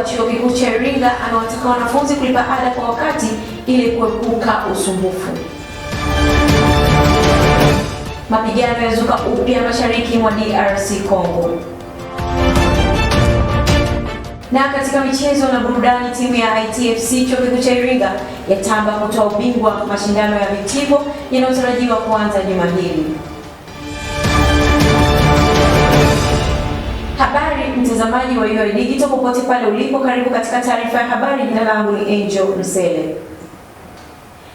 wa chuo kikuu cha Iringa anawataka wanafunzi kulipa ada kwa wakati ili kuepuka usumbufu. Mapigano yazuka upya mashariki mwa DRC Congo. Na katika michezo na burudani, timu ya ITFC chuo kikuu cha Iringa yatamba kutoa ubingwa mashindano ya vitivo yanayotarajiwa kuanza juma hili. mtazamaji wa UoI Digital popote pale ulipo, karibu katika taarifa ya habari. Jina langu ni Angel Msele.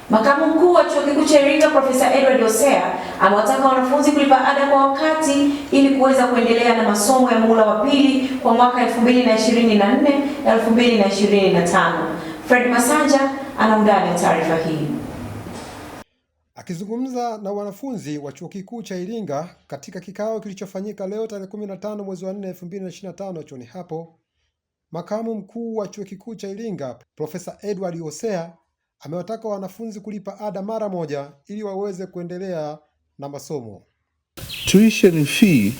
Makamu mkuu wa chuo kikuu cha Iringa Profesa Edward osea amewataka wanafunzi kulipa ada kwa wakati ili kuweza kuendelea na masomo ya muhula wa pili kwa mwaka 2024 2025. Fred Masanja anaundani taarifa hii. Akizungumza na wanafunzi wa Chuo Kikuu cha Iringa katika kikao kilichofanyika leo tarehe 15 mwezi wa 4 2025 chuoni hapo, Makamu Mkuu wa Chuo Kikuu cha Iringa, Profesa Edward Hosea amewataka wanafunzi kulipa ada mara moja ili waweze kuendelea na masomo. Tuition fee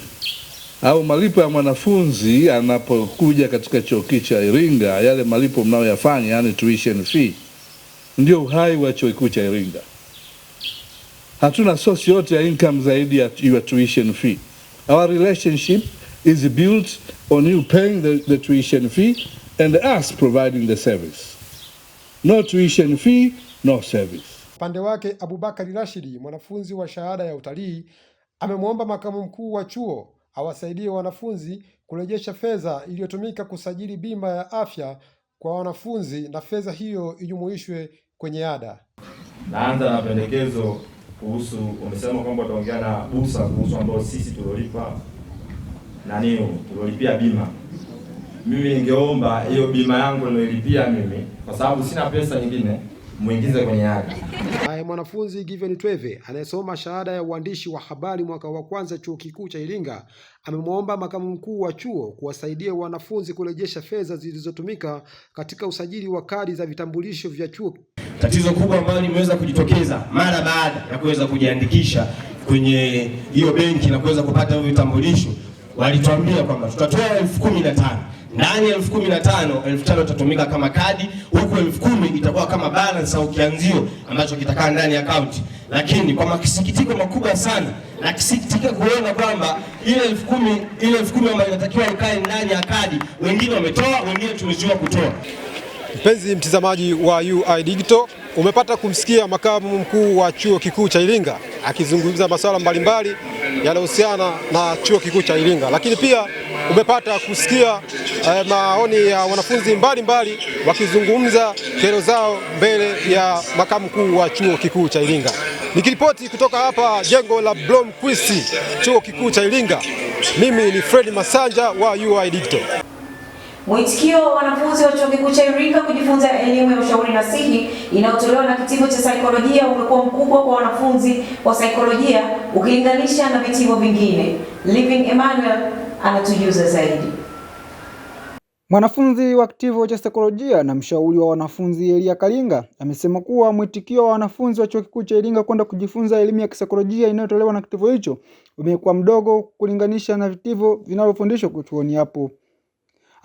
au malipo ya mwanafunzi anapokuja katika Chuo Kikuu cha Iringa, yale malipo mnayoyafanya, yani tuition fee, ndio uhai wa Chuo Kikuu cha Iringa hatuna source yote ya income zaidi ya your tuition fee. Our relationship is built on you paying the, the tuition fee and us providing the service. No tuition fee, no service. Upande wake Abubakari Rashidi, mwanafunzi wa shahada ya utalii, amemwomba makamu mkuu wa chuo awasaidie wanafunzi kurejesha fedha iliyotumika kusajili bima ya afya kwa wanafunzi na fedha hiyo ijumuishwe kwenye ada. Naanza na pendekezo kuhusu, wamesema kwamba wataongea na BUSA kuhusu ambao sisi tulolipa nani tulolipia bima. Mimi ningeomba hiyo bima yangu niloilipia mimi, kwa sababu sina pesa nyingine, muingize kwenye ada ambaye mwanafunzi Given Tweve anayesoma shahada ya uandishi wa habari mwaka wa kwanza chuo kikuu cha Iringa amemwomba makamu mkuu wa chuo kuwasaidia wanafunzi kurejesha fedha zilizotumika katika usajili wa kadi za vitambulisho vya chuo. Tatizo kubwa ambalo limeweza kujitokeza mara baada ya kuweza kujiandikisha kwenye hiyo benki na kuweza kupata hivyo vitambulisho, walituambia kwamba tutatoa elfu kumi na tano ndani ya elfu kumi na tano elfu tano itatumika kama kadi, huku elfu kumi itakuwa kama balance au kianzio ambacho kitakaa ndani ya akaunti. Lakini kwa masikitiko makubwa sana na kisikitika kuona kwamba ile elfu kumi ile elfu kumi ambayo inatakiwa ikae ndani ya kadi, wengine wametoa, wengine tumejua kutoa. Mpenzi mtazamaji wa UoI Digital, umepata kumsikia makamu mkuu wa chuo kikuu cha Iringa akizungumza masuala mbalimbali yanahusiana na chuo kikuu cha Iringa, lakini pia umepata kusikia eh, maoni ya wanafunzi mbalimbali wakizungumza kero zao mbele ya makamu mkuu wa chuo kikuu cha Iringa. Nikiripoti kutoka hapa jengo la Blomquist chuo kikuu cha Iringa, mimi ni Fred Masanja wa UoI Digital. Mwitikio wa wanafunzi wa Chuo Kikuu cha Iringa kujifunza elimu ya ushauri nasihi inayotolewa na kitivo cha saikolojia umekuwa mkubwa kwa wanafunzi wa saikolojia ukilinganisha na vitivo vingine. Living Emmanuel anatujuza zaidi. Mwanafunzi wa kitivo cha saikolojia na mshauri wa wanafunzi Elia Kalinga amesema kuwa mwitikio wa wanafunzi wa Chuo Kikuu cha Iringa kwenda kujifunza elimu ya kisaikolojia inayotolewa na kitivo hicho umekuwa mdogo kulinganisha na vitivo vinavyofundishwa kuchuoni hapo.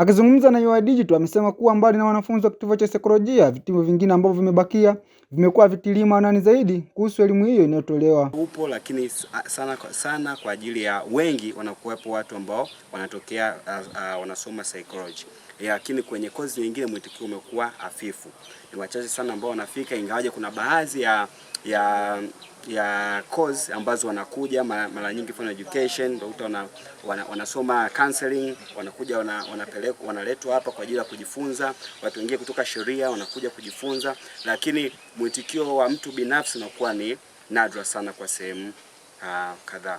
Akizungumza na UoI Digital amesema kuwa mbali na wanafunzi wa kitivo cha saikolojia, vitivo vingine ambavyo vimebakia vimekuwa vitili maanani zaidi kuhusu elimu hiyo inayotolewa. Upo lakini sana sana kwa ajili ya wengi wanakuwepo watu ambao wanatokea uh, uh, wanasoma psychology, e, lakini kwenye kozi nyingine mwitikio umekuwa hafifu. Ni wachache sana ambao wanafika, ingawaje kuna baadhi ya ya ya course ambazo wanakuja mara nyingi fanya education utakuta wana, wana, wanasoma counseling, wanakuja wanapelekwa wanaletwa hapa kwa ajili ya kujifunza. Watu wengine kutoka sheria wanakuja kujifunza, lakini mwitikio wa mtu binafsi unakuwa ni nadra sana kwa sehemu uh, kadhaa.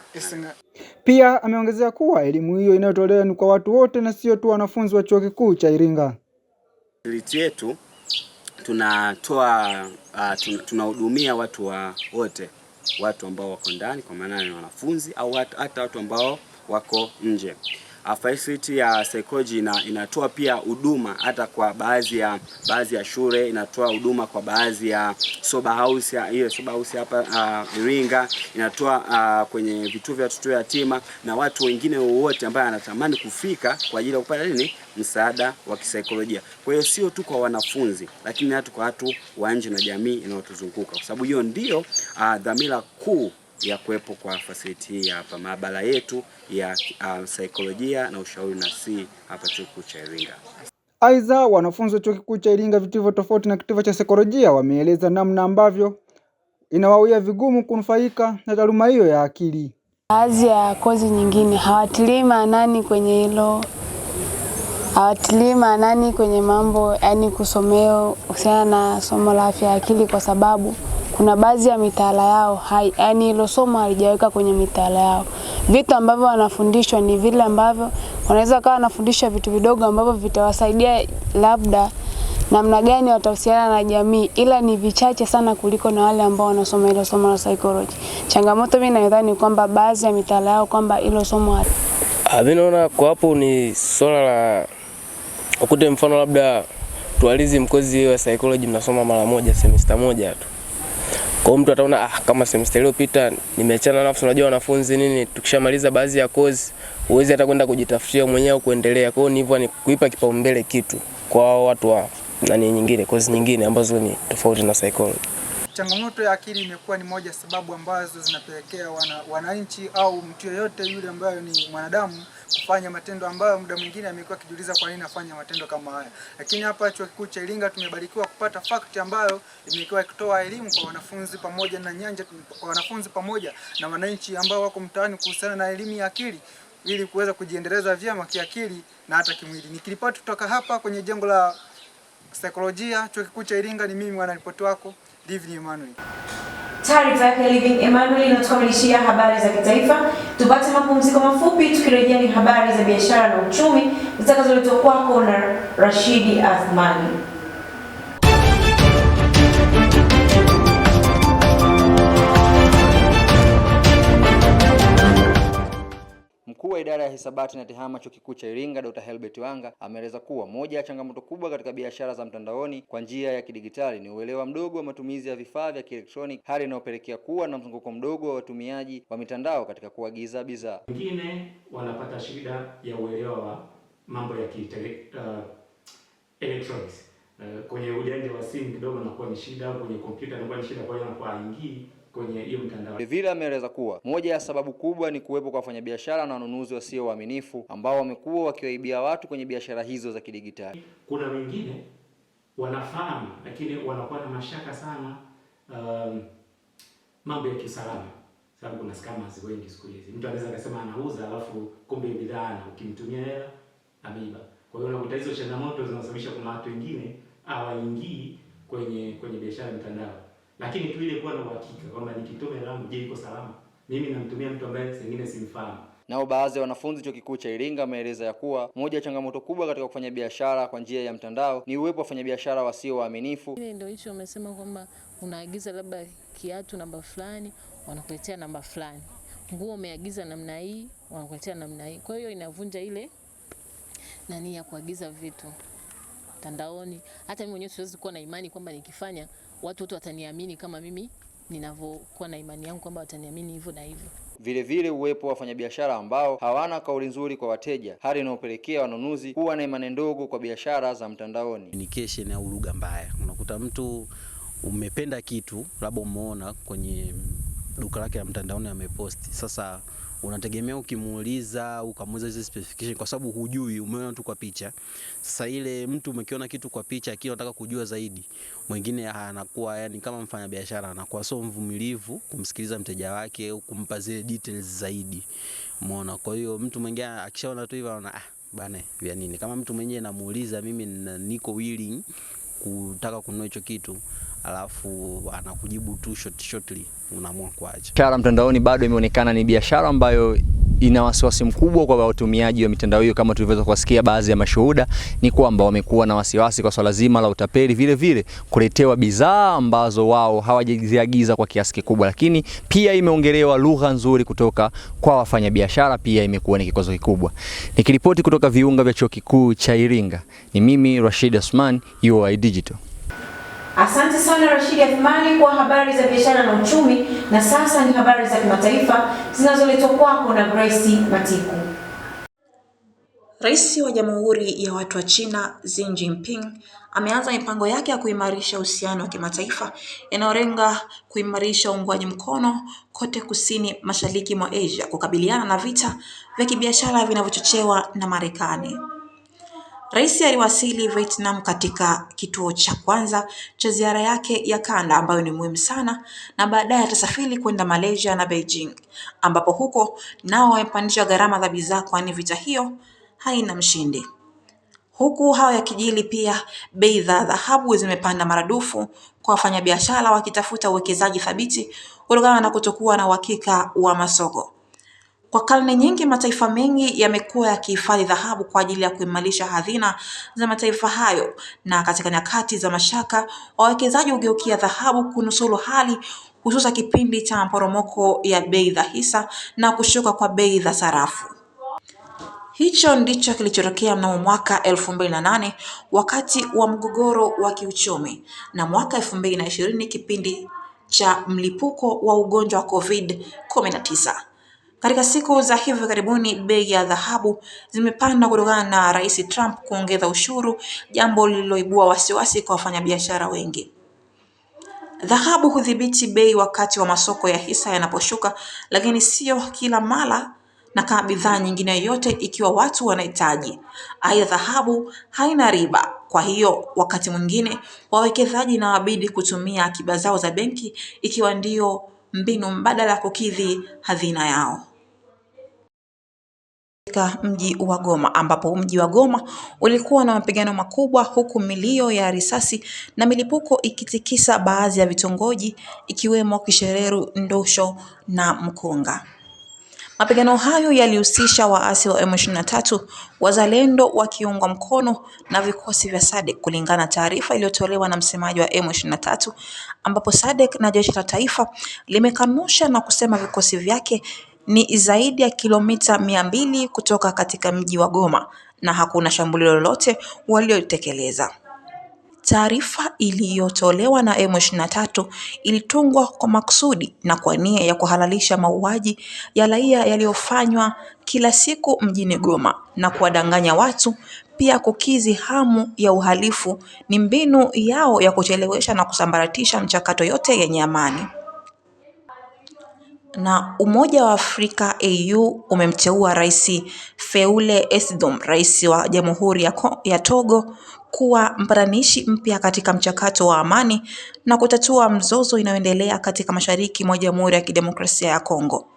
Pia ameongezea kuwa elimu hiyo inayotolewa ni kwa watu wote na sio tu wanafunzi wa Chuo Kikuu cha Iringa. yetu tunatoa uh, tunahudumia watu wa wote, watu ambao wako ndani, kwa maana ni wanafunzi au hata watu ambao wako nje. Facility ya psychology ina, inatoa pia huduma hata kwa baadhi ya baadhi ya shule, inatoa huduma kwa baadhi ya soba house ya hiyo soba house hapa uh, Iringa inatoa uh, kwenye vituo vya watoto yatima na watu wengine wowote ambao anatamani kufika kwa ajili ya kupata nini msaada wa kisaikolojia. Kwa hiyo sio tu kwa wanafunzi, lakini hata kwa watu wa nje na jamii inayotuzunguka, kwa sababu hiyo ndio uh, dhamira kuu ya kuwepo kwa facility hii hapa, maabara yetu ya uh, saikolojia na ushauri si hapa Chuo Kikuu cha Iringa. Aidha, wanafunzi wa Chuo Kikuu cha Iringa vitivo tofauti na kitivo cha saikolojia wameeleza namna ambavyo inawawia vigumu kunufaika na taaluma hiyo ya akili. Baadhi ya kozi nyingine hawatilii maanani kwenye hilo, hawatilii maanani kwenye mambo, yani kusomeo husiana na somo la afya ya akili kwa sababu kuna baadhi ya mitaala yao hai, yani hilo somo halijaweka kwenye mitaala yao. Vitu ambavyo wanafundishwa ni vile ambavyo wanaweza kawa wanafundisha vitu vidogo ambavyo vitawasaidia labda namna gani watahusiana na jamii, ila ni vichache sana kuliko na wale ambao wanasoma hilo somo la psychology. Changamoto mimi nadhani kwamba baadhi ya mitaala yao kwamba hilo somo ah, mimi naona kwa hapo ni swala la ukute, mfano labda tualizi mkozi wa psychology mnasoma mara moja semester moja tu kwa mtu ataona ah, kama semester iliyopita nimeachana nafsi. Unajua wanafunzi nini, tukishamaliza baadhi ya kozi huwezi hata kwenda kujitafutia mwenyewe kuendelea. Kwa hiyo ni hivyo, kuipa kipaumbele kitu kwa watu wa nani nyingine, kozi nyingine ambazo ni tofauti na psychology. Changamoto ya akili imekuwa ni moja sababu ambazo zinapelekea wananchi wana au mtu yoyote yule ambayo ni mwanadamu kufanya matendo ambayo muda mwingine amekuwa akijiuliza kwa nini afanya matendo kama haya. Lakini hapa chuo kikuu cha Iringa tumebarikiwa kupata fakti ambayo imekuwa ikitoa elimu kwa wanafunzi pamoja na nyanja, kwa wanafunzi pamoja na wananchi ambao wako mtaani kuhusiana na elimu ya akili ili kuweza kujiendeleza vyema kiakili na hata kimwili. Nikiripoti kutoka hapa kwenye jengo la saikolojia chuo kikuu cha Iringa, ni mimi mwanaripoti wako Divine Emmanuel taarifa yake Living Emmanuel inatukamilishia habari za kitaifa. Tupate mapumziko mafupi, tukirejea ni habari za biashara na uchumi zitakazoletwa kwako na Rashidi Athmani. Mkuu wa idara ya hisabati na tehama chuo kikuu cha Iringa, Dr. Helbert Wanga ameeleza kuwa moja ya changamoto kubwa katika biashara za mtandaoni kwa njia ya kidigitali ni uelewa mdogo wa matumizi ya vifaa vya kielektroniki, hali inayopelekea kuwa na mzunguko mdogo wa watumiaji wa mitandao katika kuagiza bidhaa. Wengine wanapata shida ya uelewa wa mambo ya kielektroniki uh, uh, kwenye ujanja wa simu kidogo nakuwa ni shida, kwenye kompyuta nakuwa ni shida, kwa hiyo anakuwa haingii kwenye hiyo mtandao. Vile ameeleza kuwa moja ya sababu kubwa ni kuwepo kwa wafanyabiashara na wanunuzi wasio waaminifu ambao wamekuwa wakiwaibia watu kwenye biashara hizo za kidigitali. Kuna wengine wanafahamu lakini wanakuwa na mashaka sana um, mambo ya kiusalama, sababu kuna scammers wengi siku hizi. Mtu anaweza akasema anauza alafu kumbe bidhaa na ukimtumia hela ameiba. Kwa hiyo unakuta hizo changamoto zinasababisha kuna watu wengine hawaingii kwenye kwenye biashara mtandao lakini tu ile kuwa na uhakika kwamba nikitume hela je, iko salama? Mimi namtumia mtu ambaye sengine simfahamu. Nao baadhi ya wanafunzi chuo kikuu cha Iringa wameeleza ya kuwa moja ya changamoto kubwa katika kufanya biashara kwa njia ya mtandao ni uwepo wa wafanyabiashara wasio waaminifu. Ile ndio hicho wamesema kwamba unaagiza labda kiatu namba fulani, wanakuletea namba fulani, nguo umeagiza namna hii, wanakuletea namna hii. Kwa hiyo inavunja ile nani ya kuagiza vitu mtandaoni. Hata mimi mwenyewe siwezi kuwa na imani kwamba nikifanya watu wote wataniamini kama mimi ninavyokuwa na imani yangu kwamba wataniamini hivyo na hivyo. Vilevile uwepo wa wafanyabiashara ambao hawana kauli nzuri kwa wateja, hali inayopelekea wanunuzi kuwa na imani ndogo kwa biashara za mtandaoni. Communication au lugha mbaya, unakuta mtu umependa kitu labda umeona kwenye duka lake la mtandaoni ameposti, sasa unategemea ukimuuliza ukamuuliza hizo specification, kwa sababu hujui, umeona tu kwa picha. Sasa ile mtu umekiona kitu kwa picha, akili anataka kujua zaidi. Mwingine anakuwa yani kama mfanyabiashara anakuwa so mvumilivu kumsikiliza mteja wake au kumpa zile details zaidi, umeona. Kwa hiyo mtu mwingine akishaona tu hivyo anaona ah, bane vya nini? Kama mtu mwenyewe namuuliza, mimi niko willing kutaka kununua hicho kitu alafu anakujibu tu short shortly, unaamua kuacha. Biashara mtandaoni bado imeonekana ni biashara ambayo ina wasiwasi mkubwa kwa watumiaji wa mitandao hiyo. Kama tulivyoweza kuwasikia baadhi ya mashuhuda, ni kwamba wamekuwa na wasiwasi kwa swala zima la utapeli, vile vile kuletewa bidhaa ambazo wao hawajaziagiza kwa kiasi kikubwa. Lakini pia imeongelewa lugha nzuri kutoka kwa wafanyabiashara, pia imekuwa ni kikwazo kikubwa. Nikiripoti kutoka viunga vya chuo kikuu cha Iringa, ni mimi Rashid Osman, UoI Digital. Asante sana Rashid Athmani kwa habari za biashara na uchumi, na sasa ni habari za kimataifa zinazoletwa kwako na Grace Matiku. Rais wa Jamhuri ya Watu wa China Xi Jinping ameanza mipango yake ya kuimarisha uhusiano wa kimataifa inayolenga kuimarisha uungwaji mkono kote kusini mashariki mwa Asia kukabiliana na vita vya kibiashara vinavyochochewa na Marekani. Rais aliwasili Vietnam katika kituo cha kwanza cha ziara yake ya kanda ambayo ni muhimu sana na baadaye atasafiri kwenda Malaysia na Beijing ambapo huko nao wamepandisha gharama za bidhaa kwani vita hiyo haina mshindi. Huku hawa ya kijili pia bei za dhahabu zimepanda maradufu kwa wafanyabiashara wakitafuta uwekezaji thabiti kutokana na kutokuwa na uhakika wa masoko. Kwa karne nyingi, mataifa mengi yamekuwa yakihifadhi dhahabu kwa ajili ya kuimarisha hazina za mataifa hayo, na katika nyakati za mashaka, wawekezaji hugeukia dhahabu kunusuru hali, hususa kipindi cha maporomoko ya bei za hisa na kushuka kwa bei za sarafu. Hicho ndicho kilichotokea mnamo mwaka elfu mbili na nane wakati wa mgogoro wa kiuchumi na mwaka elfu mbili na ishirini kipindi cha mlipuko wa ugonjwa wa COVID-19. Katika siku za hivi karibuni, bei ya dhahabu zimepanda kutokana na Rais Trump kuongeza ushuru, jambo lililoibua wasiwasi kwa wafanyabiashara wengi. Dhahabu hudhibiti bei wakati wa masoko ya hisa yanaposhuka, lakini sio kila mara na kama bidhaa nyingine yoyote ikiwa watu wanahitaji. Aidha, dhahabu haina riba, kwa hiyo wakati mwingine wawekezaji inawabidi kutumia akiba zao za benki ikiwa ndio mbinu mbadala ya kukidhi hazina yao. Katika mji wa Goma ambapo mji wa Goma ulikuwa na mapigano makubwa huku milio ya risasi na milipuko ikitikisa baadhi ya vitongoji ikiwemo Kishereru, Ndosho na Mkunga. Mapigano hayo yalihusisha waasi wa M23, wazalendo wakiungwa mkono na vikosi vya SADC kulingana na taarifa iliyotolewa na msemaji wa M23, ambapo SADC na jeshi la taifa limekanusha na kusema vikosi vyake ni zaidi ya kilomita mia mbili kutoka katika mji wa Goma na hakuna shambulio lolote waliotekeleza Taarifa iliyotolewa na M23 ilitungwa kwa makusudi na kwa nia ya kuhalalisha mauaji ya raia yaliyofanywa kila siku mjini Goma na kuwadanganya watu, pia kukizi hamu ya uhalifu; ni mbinu yao ya kuchelewesha na kusambaratisha mchakato yote yenye amani na Umoja wa Afrika AU umemteua Rais Feule Esdom, Rais wa Jamhuri ya, ya Togo kuwa mpatanishi mpya katika mchakato wa amani na kutatua mzozo inayoendelea katika mashariki mwa Jamhuri ya Kidemokrasia ya Kongo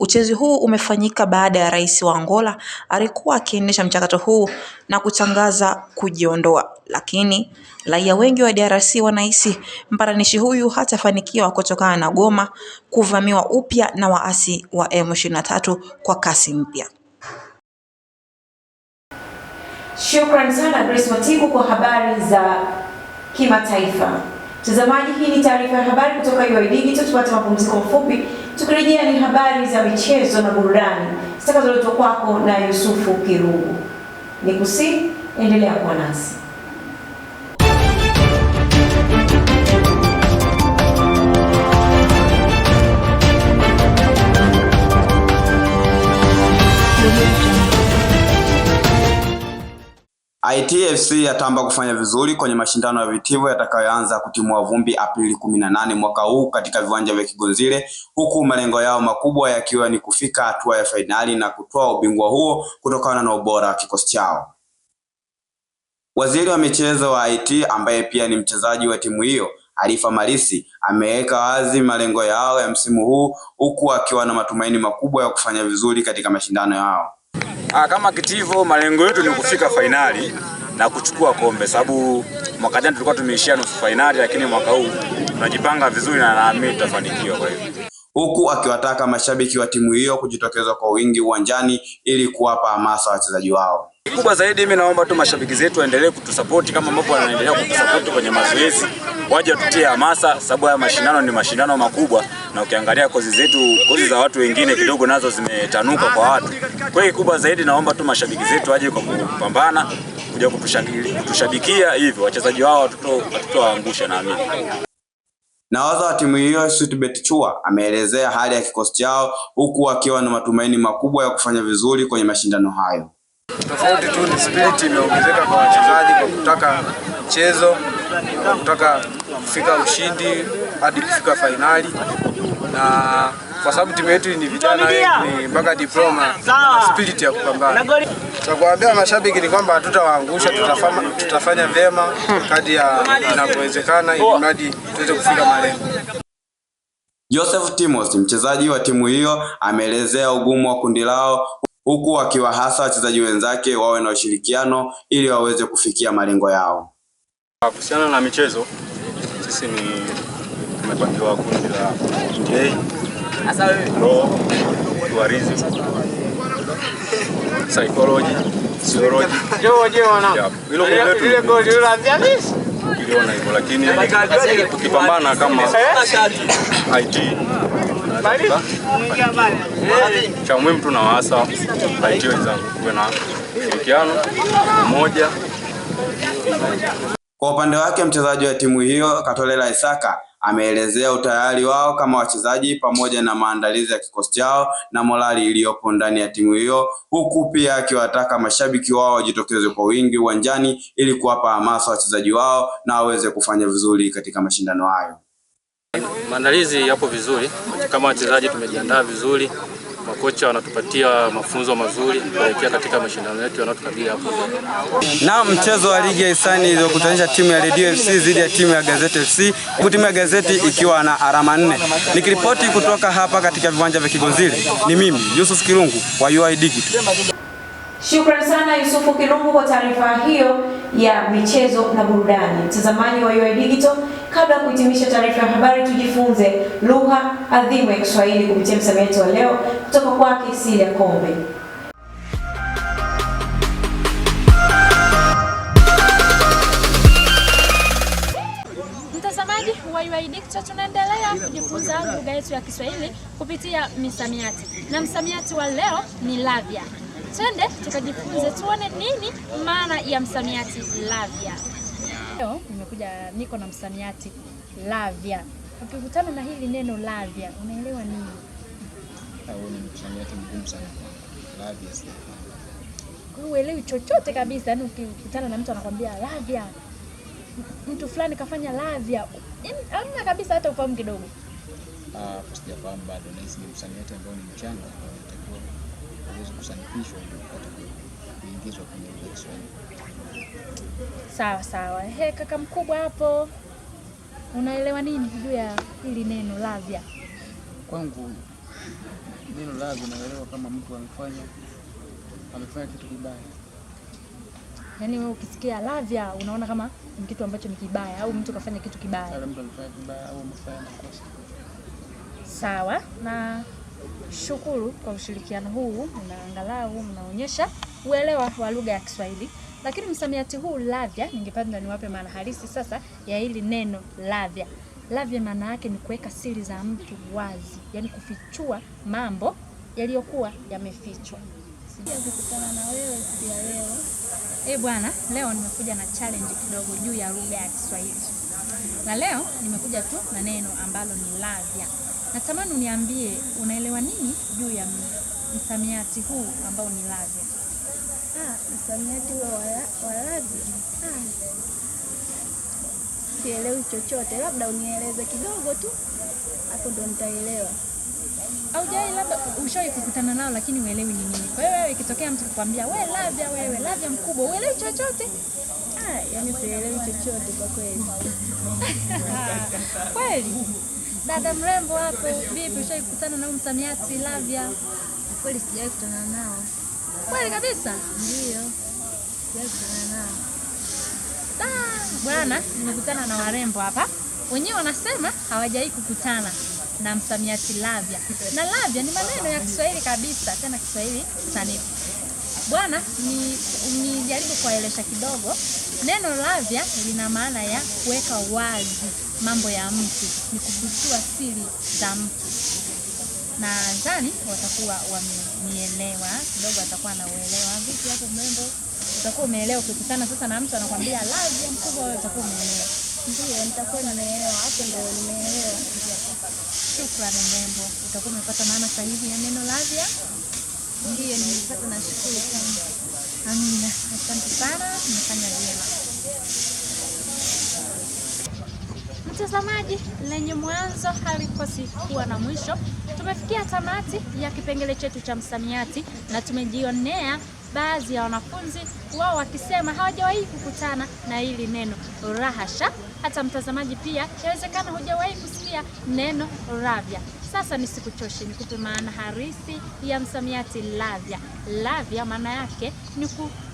uchezi huu umefanyika baada ya rais wa Angola alikuwa akiendesha mchakato huu na kutangaza kujiondoa, lakini raia wengi wa DRC wanahisi mpatanishi huyu hatafanikiwa kutokana na Goma kuvamiwa upya na waasi wa M23 kwa kasi mpya. Shukrani sana Grace Matiku kwa habari za kimataifa. Mtazamaji, hii ni taarifa ya habari kutoka UoI Digital. Tupate mapumziko mafupi, tukirejea ni habari za michezo na burudani zitakazoletwa kwako na Yusufu Kirungu. Nikusi, endelea kuwa nasi. ITFC yatamba kufanya vizuri kwenye mashindano ya vitivo yatakayoanza kutimua vumbi Aprili kumi na nane mwaka huu katika viwanja vya Kigonzile, huku malengo yao makubwa yakiwa ni kufika hatua ya fainali na kutoa ubingwa huo kutokana na ubora wa kikosi chao. Waziri wa michezo wa IT ambaye pia ni mchezaji wa timu hiyo Alifa Malisi ameweka wazi malengo yao ya msimu huu huku akiwa na matumaini makubwa ya kufanya vizuri katika mashindano yao. Ah, kama kitivo malengo yetu ni kufika fainali na kuchukua kombe, sababu mwaka jana tulikuwa tumeishia nusu fainali, lakini mwaka huu tunajipanga vizuri na naamini tutafanikiwa. Kwa hiyo huku akiwataka mashabiki wa timu hiyo kujitokeza kwa wingi uwanjani ili kuwapa hamasa wachezaji wao kubwa zaidi mimi naomba tu mashabiki zetu waendelee kutusapoti kama ambavyo wanaendelea kutusapoti kwenye mazoezi, waje tutie hamasa, sababu haya mashindano ni mashindano makubwa, na ukiangalia kozi zetu, kozi za watu wengine kidogo nazo zimetanuka kwa watu. Kwa hiyo kubwa zaidi naomba tu mashabiki zetu waje kwa kupambana kuja kutushabikia, hivyo wachezaji wao hatutowaangusha, naamini. Nahodha wa timu hiyo Sweetbet Chua ameelezea hali ya kikosi chao huku akiwa na matumaini makubwa ya kufanya vizuri kwenye mashindano hayo. Tofauti tu ni spirit imeongezeka kwa wachezaji kwa kutaka mchezo, kwa kutaka kufika ushindi hadi kufika fainali na kwa sababu timu yetu ni vijana ni mpaka diploma spirit ya kupambana. Cha mashabiki ni kwamba hatutawaangusha, tutafanya vyema kadi ya inavyowezekana, ili mradi tuweze kufika malengo. Joseph Timos, mchezaji wa timu hiyo, ameelezea ugumu wa kundi lao huku akiwahasa wachezaji wenzake wawe na ushirikiano ili waweze kufikia malengo yao. Kuhusiana na michezo, sisi ni tumepangiwa kundi la psychology, sociology. hivyo, lakini tukipambana kama IT cha muhimu tu na waasa IT wenzangu kuwe na ushirikiano, mmoja. Kwa upande wake mchezaji wa timu hiyo Katolela Isaka ameelezea utayari wao kama wachezaji pamoja na maandalizi ya kikosi chao na morali iliyopo ndani ya timu hiyo, huku pia akiwataka mashabiki wao wajitokeze kwa wingi uwanjani ili kuwapa hamasa wachezaji wao na waweze kufanya vizuri katika mashindano hayo. Maandalizi yapo vizuri, kama wachezaji tumejiandaa vizuri, makocha wanatupatia mafunzo mazuri kuelekea katika mashindano yetu yanayotukabili hapo. Na mchezo wa ligi ya hisani iliyokutanisha timu ya Redio FC dhidi ya timu ya Gazeti FC, huku timu ya Gazeti ikiwa na alama nne. Nikiripoti kutoka hapa katika viwanja vya Kigonzile, ni mimi Yusuf Kirungu wa UoI Digital. Shukrani sana Yusufu Kirungu kwa taarifa hiyo ya michezo na burudani. Mtazamaji wa UoI Digital Kabla ya kuhitimisha taarifa ya habari, tujifunze lugha adhimu ya Kiswahili kupitia msamiati wa leo kutoka kwake Silya Kombe. wa tunaendelea kujifunza lugha yetu ya Kiswahili kupitia misamiati, na msamiati wa leo ni lavya. Twende tukajifunze tuone nini maana ya msamiati lavya. Leo nimekuja niko na msamiati lavya. Ukikutana na hili neno lavya, unaelewa nini? Au ah, ni msamiati mgumu sana kwa sasa. Kwa hiyo uelewi chochote kabisa, yaani ukikutana na mtu anakwambia lavya. Mtu fulani kafanya lavya. Yaani hamna kabisa hata ufahamu kidogo. Ah, sijafahamu bado. Nahisi ni msamiati ambao ni mchanga, iweze kusanifishwa ili kupata kuingizwa kwenye lugha ya Kiswahili. Sawa sawa. He, kaka mkubwa hapo, unaelewa nini juu ya hili neno lavya? Kwangu neno lavya naelewa kama mtu amefanya amefanya kitu kibaya. Yaani wewe ukisikia lavya unaona kama ni kitu ambacho ni kibaya au mtu kafanya kitu kibaya. Mtu alifanya kibaya au amefanya makosa. Sawa na shukuru kwa ushirikiano huu, na angalau mnaonyesha uelewa wa lugha ya Kiswahili. Lakini msamiati huu lavya, ningependa niwape maana halisi sasa ya hili neno lavya. Lavya maana yake ni kuweka siri za mtu wazi, yaani kufichua mambo yaliyokuwa yamefichwa. Kukutana na wewe pia leo. Eh, bwana, leo nimekuja na challenge kidogo juu ya lugha ya Kiswahili, na leo nimekuja tu na neno ambalo ni lavya. Natamani uniambie unaelewa nini juu ya msamiati huu ambao ni radhi? Ah, msamiati huo wa radhi ah, sielewi chochote, labda unieleze kidogo tu, hapo ndo nitaelewa. Aujai labda ushawahi kukutana nao lakini uelewi ni nini? Kwa hiyo wewe ikitokea mtu kukwambia we lavya, wewe lavya mkubwa, uelewi chochote? Ah, yani sielewi chochote kwa kweli kweli Dada mrembo hapo, vipi, ushawahi kukutana na msamiati Lavya? Kweli sijawahi kukutana nao. Kweli kabisa? Ndio, sijawahi kukutana nao. Bwana, nimekutana na warembo hapa, wenyewe wanasema hawajawahi kukutana na msamiati Lavya, na Lavya ni maneno ya Kiswahili kabisa, tena Kiswahili sanifu. Bwana, nijaribu ni kuwaelesha kidogo. Neno Lavya lina maana ya kuweka wazi mambo ya mtu, ni kufichua siri za mtu. Nadhani watakuwa wamenielewa kidogo, watakuwa na uelewa. Vipi hapo mrembo, utakuwa umeelewa. Ukikutana sasa na mtu anakwambia love ya mkubwa, wewe utakuwa umeelewa. Ndio, nitakuwa nimeelewa. Hapo ndio nimeelewa. Shukrani mrembo, utakuwa umepata maana sahihi ya neno love ya. nimepata na shukrani sana. Amina, asante sana, umefanya vyema. Mtazamaji, lenye mwanzo halikosi kuwa na mwisho. Tumefikia tamati ya kipengele chetu cha msamiati na tumejionea baadhi ya wanafunzi wao wakisema hawajawahi kukutana na hili neno rahasha. Hata mtazamaji pia, yawezekana hujawahi kusikia neno ravya. Sasa nisikuchoshe, nikupe maana harisi ya msamiati lavya. Lavya maana yake ni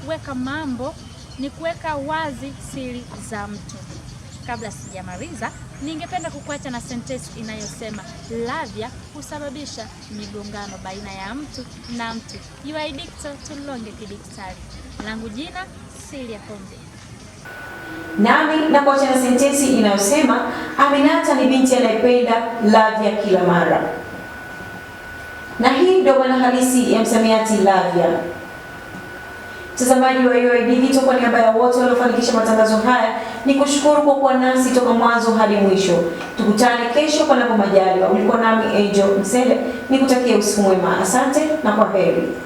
kuweka mambo, ni kuweka wazi siri za mtu kabla sijamaliza, ningependa kukuacha na sentensi inayosema lavya husababisha migongano baina ya mtu na mtu. You are addicted to Langu jina Silia Pombe, nami nakuacha na sentensi inayosema Aminata ni binti anayependa lavya kila mara. Na hii ndio maana halisi ya msamiati lavya. Mtazamaji wa UoI Digital, kwa niaba ya wote waliofanikisha matangazo haya, ni kushukuru kwa kuwa nasi toka mwanzo hadi mwisho. Tukutane kesho panapo majaliwa. Ulikuwa nami Angel Msele, nikutakie usiku mwema. Asante na kwa heri.